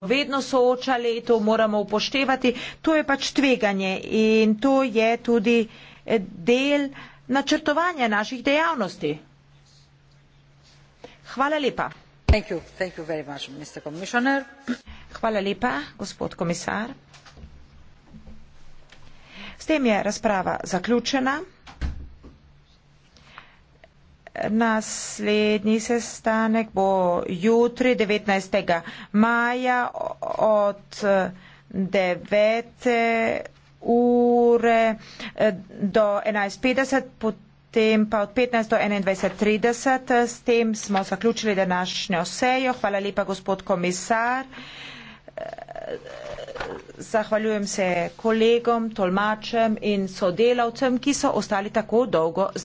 vedno soočali, to moramo upoštevati, to je pač tveganje in to je tudi eh, del načrtovanja naših dejavnosti. Hvala lepa. Thank you. Thank you very much, Mr. Commissioner. Hvala lepa, gospod komisar. S tem je razprava zaključena. Naslednji sestanek bo jutri 19. maja od 9. ure do 11.50, potem pa od 15. do 21.30. S tem smo zaključili današnjo sejo. Hvala lepa, gospod komisar. Zahvaljujem se kolegom, tolmačem in sodelavcem, ki so ostali tako dolgo.